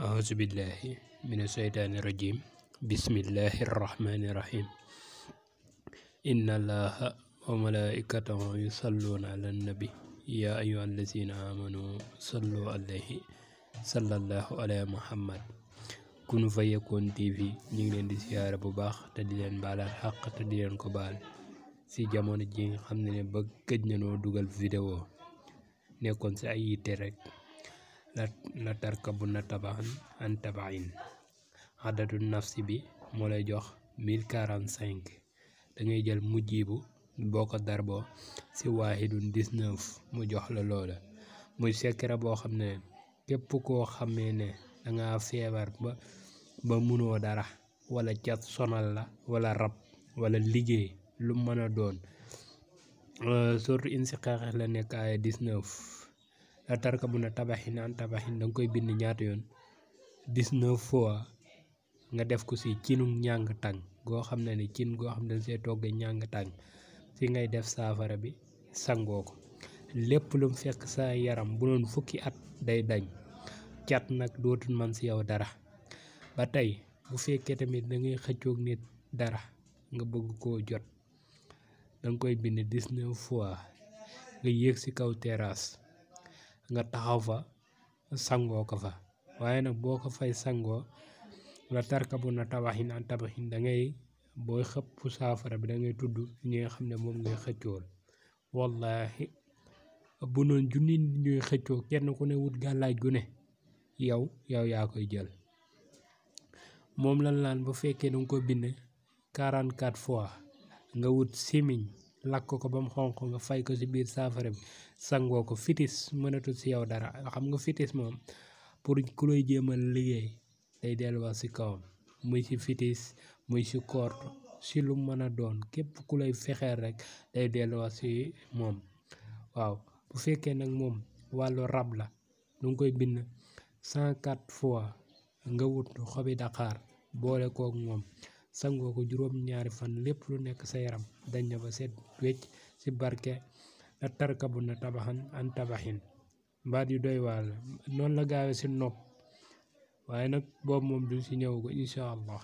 أعوذ بالله من الشيطان الرجيم بسم الله الرحمن الرحيم إن الله وملائكته يصلون على النبي يا أيها الذين آمنوا صلوا عليه صلى الله على محمد Kun TV ñu ngi leen di siyaare bu baax te di leen baalaat xàq ko baal si jamono ji nga xam ne ne ba gëj na noo dugal vidéo nekkoon si ay yitte rek la tarkabunna tabaxan an tabaxin adadu nafsi bi moo lay jox 1045 dangay jël mujjibu boo ko darbo ci waahidun 19 mu jox la loola muy secret boo xam ne képp koo xamee ne danga feebar ba ba munoo dara wala cat sonal la wala rab wala liggéey lu mën doon euh, tarka mun a tabaxin an tabaxin da nga koy bind ñaata yoon 19 fois nga def ko si cinu ñàng tàng goo xam ne ni cin goo xam ne dañ see togg ñàng tàng si ngay def saafara bi sangoo ko lépp lu mu fekk sa yaram bu doon fukki at day dañ cat nag dootul man si yow dara ba tey bu fekkee tamit da ngay xëccoog nit dara nga bëgg ko jot danga koy bind 19 fois nga yéeg si kaw teraas nga taxaw fa sangoo ko fa waaye nag boo ko fay sangoo la tarkabu na tabaxin an tabaxin da ngay booy xëppu saafara bi dangay tudd ñi nga xam ne moom ngay xëccool wallahi bu noon junni ñuy xëccoo kenn ku ne wut gàllaaj gu ne yow yow yaa koy jël moom lan laan bu fekkee danga ko bind 44 fois nga wut simiñ lakk ko ba mu xonq nga fay ko ci biir saafara bi sangoo ko fitis mënatul ci yow dara xam nga fitis moom pour ku lay jéemal liggéey day delluwaat ci kawam muy ci fitis muy ci koort si lu mën a doon képp ku lay fexeel rek day delluwaat ci moom waaw bu fekkee nag moom wàllu rab la lu ngi koy bind cent quatre fois nga wut xobi daqaar boole kook moom sangoo ko juróom ñaari fan lépp lu nekk sa yaram dañ na ba set wecc ci barke la tarkabu na tabaxan an tabaxin mbaat yu doy waar la noonu la gaawe ci nopp waaye nag boobu moom duñ ci ñëw ko incha allah